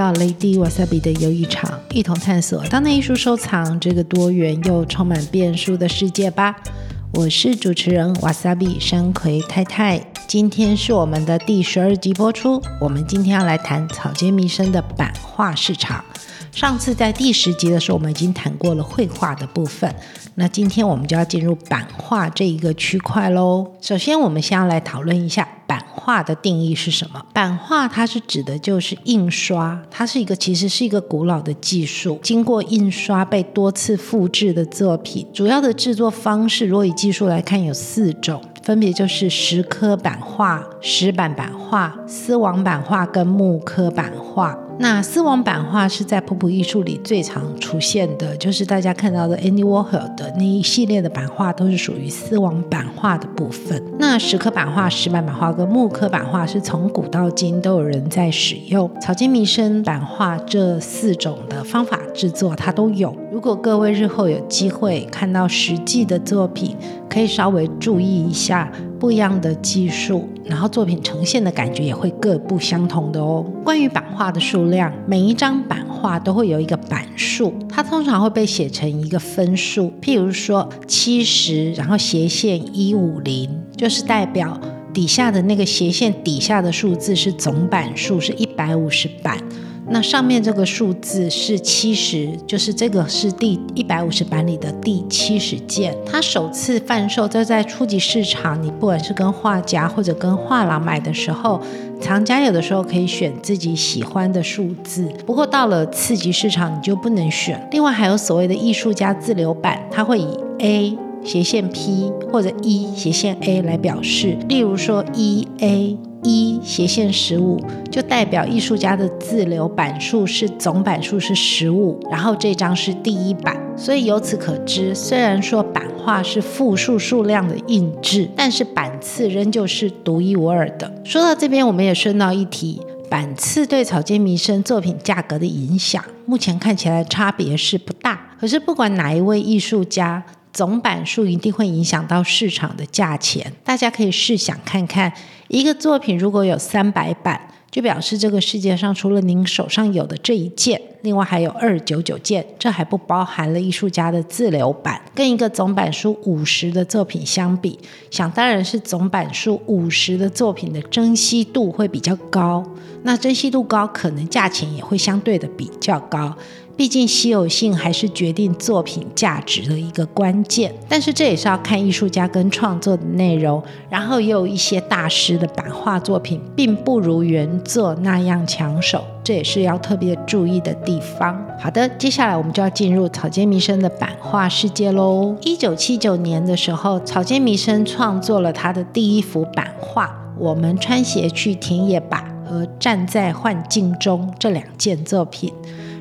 到 Lady Wasabi 的遊藝場，一同探索當代藝術收藏這個多元又充滿變數的世界吧。我是主持人瓦薩比，山葵太太，今天是我們的第十二集播出。我們今天要來談草間彌生的版畫市場。上次在第十集的時候，我們已經談過了繪畫的部分。那今天我們就要進入版畫這一個區塊嘍。首先，我們先要來討論一下版畫的定義是什麼？版畫它是指的，就是印刷，它是一個其實是一個古老的技術。經過印刷被多次複製的作品，主要的製作方式，如果以技術來看，有四種，分別就是石刻版畫。石版版畫、絲網版畫跟木刻版畫。那絲網版畫是在普普藝術裡最常出現的，就是大家看到的 Andy Warhol 的那一系列的版畫，都是屬於絲網版畫的部分。那石刻版畫、石版版畫跟木刻版畫是從古到今都有人在使用。草間彌生版畫這四種的方法制作，它都有。如果各位日後有機會看到實際的作品，可以稍微注意一下。不一樣的技術，然後作品呈現的感覺也會各不相同的哦。關於版畫的數量，每一張版畫都會有一個版數，它通常會被寫成一個分數，譬如說七十，然後斜線一五零，就是代表底下的那個斜線底下的數字是總版數是一百五十版。那上面這個數字是七十，就是這個是第一百五十版裡的第七十件。它首次販售，這在初級市場，你不管是跟畫家或者跟畫廊買的時候，藏家有的時候可以選自己喜歡的數字。不過到了次級市場，你就不能選。另外還有所謂的藝術家自留版，他會以 A 斜線 P 或者 E 斜線 A 來表示，例如說 E A。一斜線十五就代表藝術家的自留版數是總版數是十五，然後這張是第一版，所以由此可知，雖然說版畫是複數數量的印製，但是版次仍舊是獨一無二的。說到這邊，我們也順道一提，版次對草間彌生作品價格的影響，目前看起來差別是不大。可是不管哪一位藝術家。總版數一定會影響到市場的價錢。大家可以試想看看，一個作品如果有三百版，就表示這個世界上除了您手上有的這一件，另外還有二九九件。這還不包含了藝術家的自留版。跟一個總版數五十的作品相比，想當然是總版數五十的作品的珍稀度會比較高。那珍稀度高，可能價錢也會相對的比較高。畢竟稀有性還是決定作品價值的一個關鍵，但是這也是要看藝術家跟創作的內容。然後也有一些大師的版畫作品，並不如原作那樣搶手，這也是要特別注意的地方。好的，接下來我們就要進入草間彌生的版畫世界嘍。一九七九年的時候，草間彌生創作了他的第一幅版畫《我們穿鞋去田野吧》和《站在幻境中》這兩件作品。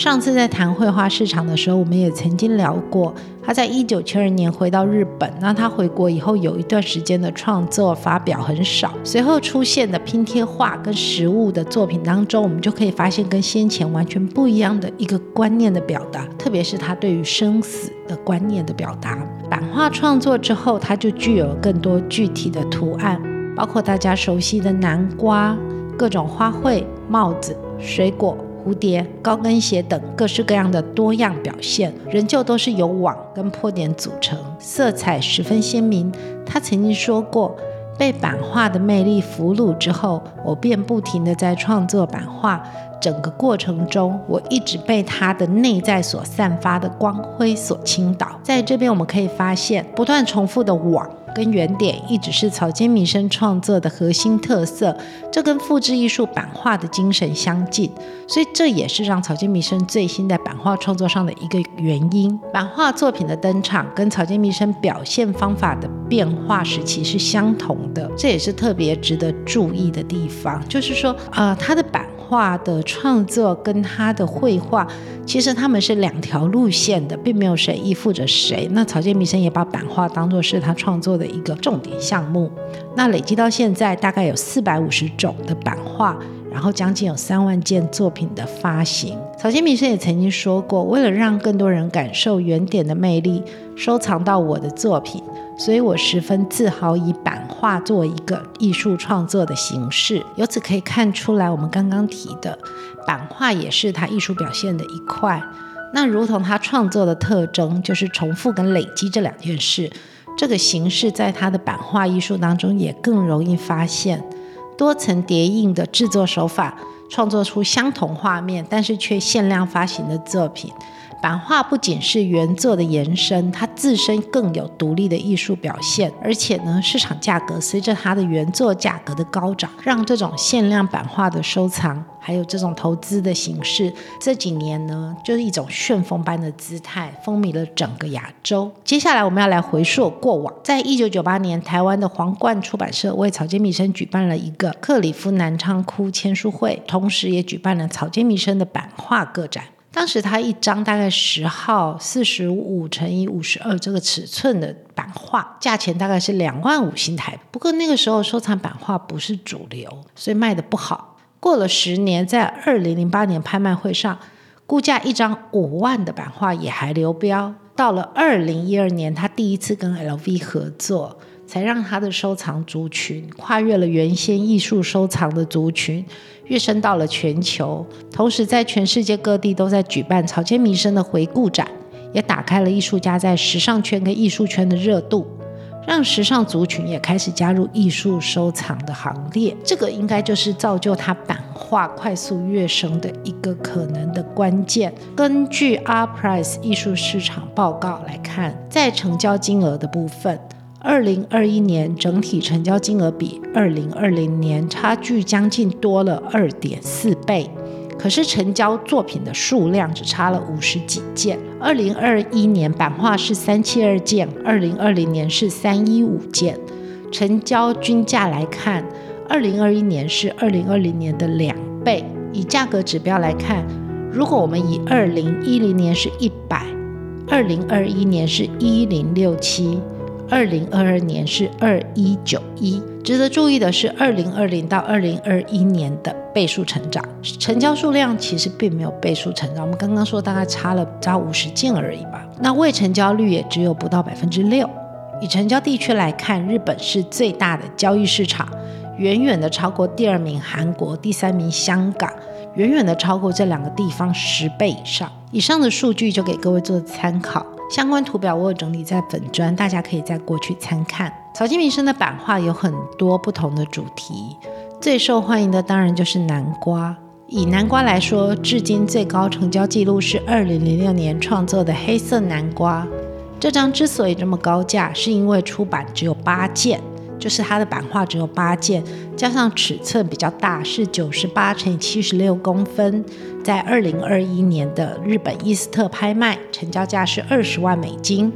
上次在談繪畫市場的時候，我們也曾經聊過，他在一九七二年回到日本。那他回國以後有一段時間的創作發表很少，隨後出現的拼貼畫跟實物的作品當中，我們就可以發現跟先前完全不一樣的一個觀念的表達，特別是他對於生死的觀念的表達。版畫創作之後，他就具有更多具體的圖案，包括大家熟悉的南瓜、各種花卉、帽子、水果。蝴蝶、高跟鞋等各式各樣的多樣表現，仍舊都是由網跟破點組成，色彩十分鮮明。他曾經說過：“被版畫的魅力俘虜之後，我便不停地在創作版畫。整個過程中，我一直被它的內在所散發的光輝所傾倒。”在這邊，我們可以發現不斷重複的網。跟原點一直是草間彌生創作的核心特色，這跟複製藝術版畫的精神相近，所以這也是讓草間彌生最新在版畫創作上的一個原因。版畫作品的登場跟草間彌生表現方法的變化時期是相同的，這也是特別值得注意的地方。就是說，啊，呃，他的版。畫的創作跟他的繪畫，其實他們是兩條路線的，並沒有誰依附着誰。那草間彌生也把版畫當作是他創作的一個重點項目。那累積到現在，大概有四百五十種的版畫，然後將近有三萬件作品的發行。草間彌生也曾經說過，為了讓更多人感受原點的魅力，收藏到我的作品，所以我十分自豪以版畫作為一個藝術創作的形式。由此可以看出來，我們剛剛提的版畫也是他藝術表現的一塊。那如同他創作的特徵，就是重複跟累積這兩件事，這個形式在他的版畫藝術當中也更容易發現。多層疊印的製作手法，創作出相同畫面，但是卻限量發行的作品。版畫不僅是原作的延伸，它自身更有獨立的藝術表現，而且呢，市場價格隨着它的原作價格的高漲，讓這種限量版畫的收藏還有這種投資的形式，這幾年呢，就是一種旋風般的姿態，風靡了整個亞洲。接下來我們要來回溯過往，在一九九八年，台灣的皇冠出版社為草間彌生舉辦了一個克里夫南倉庫簽書會，同時也舉辦了草間彌生的版畫個展。當時他一張大概十號四十五乘以五十二這個尺寸的版畫，價錢大概是兩萬五新台幣。不過那個時候收藏版畫不是主流，所以賣得不好。過了十年，在二零零八年拍賣會上，估價一張五萬的版畫也還流標。到了二零一二年，他第一次跟 LV 合作。才讓他的收藏族群跨越了原先藝術收藏的族群，躍升到了全球。同時，在全世界各地都在舉辦草間彌生的回顧展，也打開了藝術家在時尚圈跟藝術圈的熱度，讓時尚族群也開始加入藝術收藏的行列。這個應該就是造就他版畫快速躍升的一個可能的關鍵。根據 Artprice 藝術市場報告來看，在成交金額的部分，二零二一年整體成交金額比二零二零年差距將近多了二點四倍，可是成交作品的數量只差了五十幾件。二零二一年版畫是三七二件，二零二零年是三一五件。成交均價來看，二零二一年是二零二零年的兩倍。以價格指標來看，如果我們以二零一零年是一百，二零二一年是一零六七。二零二二年是二一九一。值得注意的是，二零二零到二零二一年的倍數成長，成交數量其實並沒有倍數成長。我們剛剛說大概差了差不到五十件而已吧？那未成交率也只有不到百分之六。以成交地區來看，日本是最大的交易市場，遠遠的超過第二名韓國，第三名香港，遠遠的超過這兩個地方十倍以上。以上的數據就給各位做參考。相關圖表我有整理在本專，大家可以再過去參看。草間彌生的版畫有很多不同的主題，最受歡迎的當然就是南瓜。以南瓜來說，至今最高成交記錄是2006年創作的黑色南瓜。這張之所以這麼高價，是因為出版只有八件。就是它的版畫只有八件，加上尺寸比較大，是九十八乘以七十六公分，在二零二一年的日本伊斯特拍賣，成交價是二十萬美金。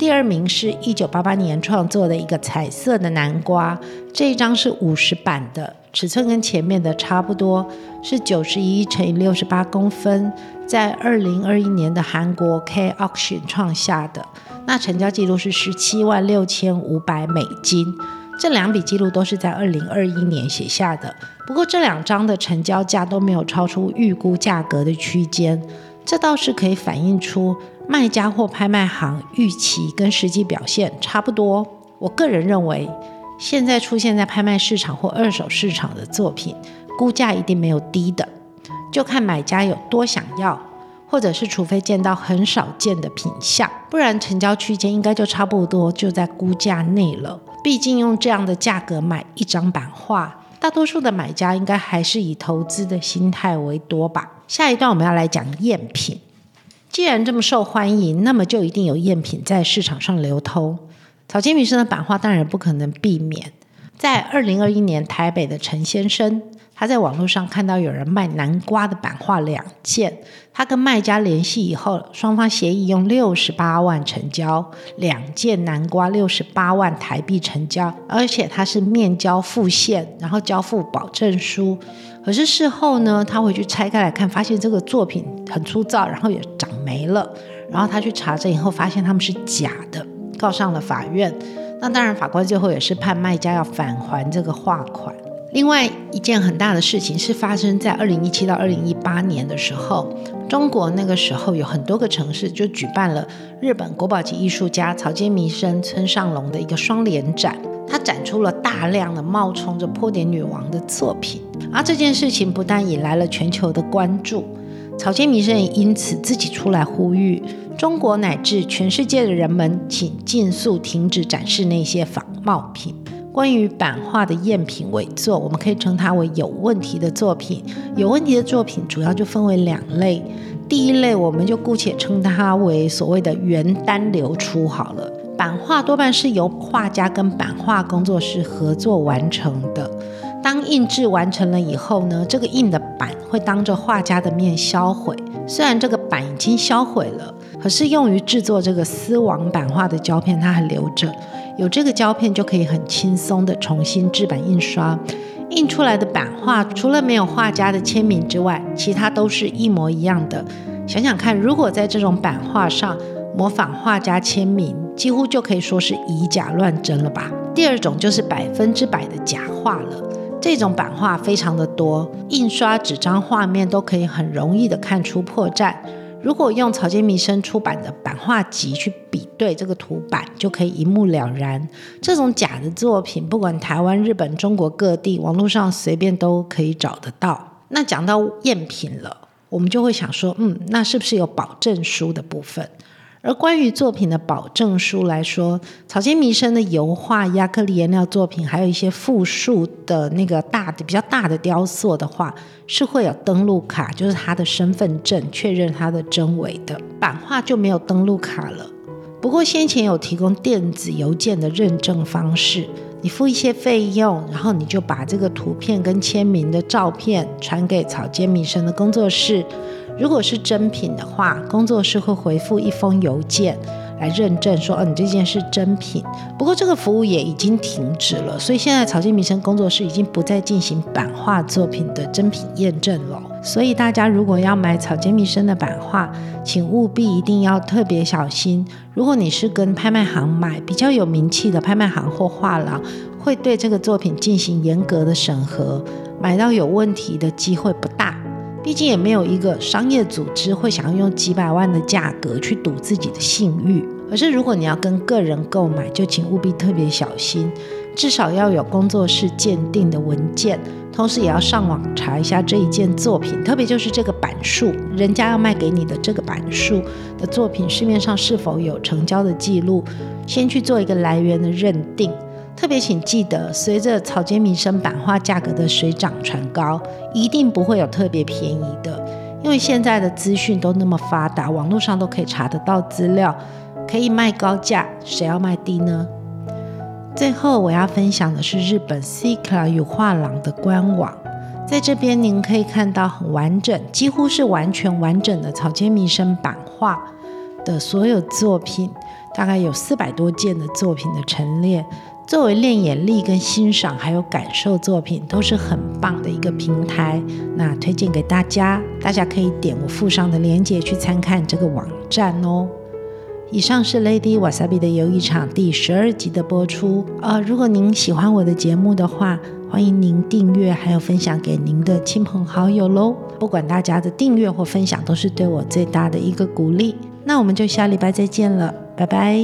第二名是一九八八年創作的一個彩色的南瓜，這一張是五十版的，尺寸跟前面的差不多，是九十一乘以六十八公分，在二零二一年的韓國 K Auction 創下的，那成交記錄是十七萬六千五百美金。這兩筆記錄都是在二零二一年寫下的，不過這兩張的成交價都沒有超出預估價格的區間，這倒是可以反映出。賣家或拍賣行預期跟實際表現差不多。我個人認為，現在出現在拍賣市場或二手市場的作品估價一定沒有低的，就看買家有多想要，或者是除非見到很少見的品相，不然成交區間應該就差不多就在估價內了。畢竟用這樣的價格買一張版畫，大多數的買家應該還是以投資的心態為多吧。下一段我們要來講贗品。既然這麼受歡迎，那麼就一定有贗品在市場上流通。草間彌生的版畫當然不可能避免。在二零二一年，台北的陳先生他在網絡上看到有人賣南瓜的版畫兩件，他跟賣家聯繫以後，雙方協議用六十八萬成交兩件，南瓜六十八萬台幣成交，而且他是面交付現，然後交付保證書。可是事後呢，他回去拆開來看，發現這個作品很粗糙，然後也長霉了。然後他去查證以後，發現他們是假的，告上了法院。那當然，法官最後也是判賣家要返還這個畫款。另外一件很大的事情是發生在二零一七到二零一八年的時候，中國那個時候有很多個城市就舉辦了日本國寶級藝術家草間彌生、村上隆的一個雙聯展。他展出了大量的冒充着波點女王的作品。而這件事情不但引來了全球的關注，草間彌生也因此自己出來呼籲中國乃至全世界的人們，請盡速停止展示那些仿冒品。關於版畫的贗品偽作，我們可以稱它為有問題的作品。有問題的作品主要就分為兩類，第一類我們就姑且稱它為所謂的原單流出好了。版畫多半是由畫家跟版畫工作室合作完成的。當印製完成了以後呢，這個印的版會當着畫家的面銷毀。雖然這個版已經銷毀了，可是用於製作這個絲網版畫的膠片它還留着。有這個膠片就可以很輕鬆地重新製版印刷。印出來的版畫除了沒有畫家的簽名之外，其他都是一模一樣的。想想看，如果在這種版畫上模仿畫家簽名，幾乎就可以說是以假亂真了吧。第二種就是百分之百的假畫了，這種版畫非常的多，印刷紙張、畫面都可以很容易的看出破綻。如果用草間彌生出版的版畫集去比對這個圖版，就可以一目了然。這種假的作品，不管台灣、日本、中國各地，網絡上隨便都可以找得到。那講到贗品了，我們就會想說，嗯，那是不是有保證書的部分？而關於作品的保證書來說，草間彌生的油畫、亞克力顏料作品，還有一些複數的那個大的、比較大的雕塑的話，是會有登錄卡，就是他的身份證，確認他的真偽的。版畫就沒有登錄卡了，不過先前有提供電子郵件的認證方式，你付一些費用，然後你就把這個圖片跟簽名的照片傳給草間彌生的工作室。如果是真品的話，工作室會回復一封郵件來認證說：“哦，你這件是真品。”不過這個服務也已經停止了，所以現在草間彌生工作室已經不再進行版畫作品的真品驗證了。所以大家如果要買草間彌生的版畫，請務必一定要特別小心。如果你是跟拍賣行買，比較有名氣的拍賣行或畫廊，會對這個作品進行嚴格的審核，買到有問題的機會不大。畢竟也沒有一個商業組織會想要用幾百萬的價格去賭自己的信譽。可是如果你要跟個人購買，就請務必特別小心，至少要有工作室鑑定的文件，同時也要上網查一下這一件作品，特別就是這個版數，人家要賣給你的這個版數的作品，市面上是否有成交的記錄，先去做一個來源的認定。特別請記得，隨着草間彌生版畫價格的水漲船高，一定不會有特別便宜的，因為現在的資訊都那麼發達，網絡上都可以查得到資料，可以賣高價，誰要賣低呢？最後我要分享的是日本 Sekiryu 畫廊的官網，在這邊您可以看到很完整，幾乎是完全完整的草間彌生版畫的所有作品，大概有四百多件的作品的陳列。作為練眼力、跟欣賞還有感受作品，都是很棒的一個平台。那推薦給大家，大家可以點我附上的鏈接去參看這個網站哦。以上是 Lady Wasabi 的遊藝場第十二集的播出。呃，如果您喜歡我的節目的話，歡迎您訂閱還有分享給您的親朋好友嘍。不管大家的訂閱或分享，都是對我最大的一個鼓勵。那我們就下禮拜再見了，拜拜。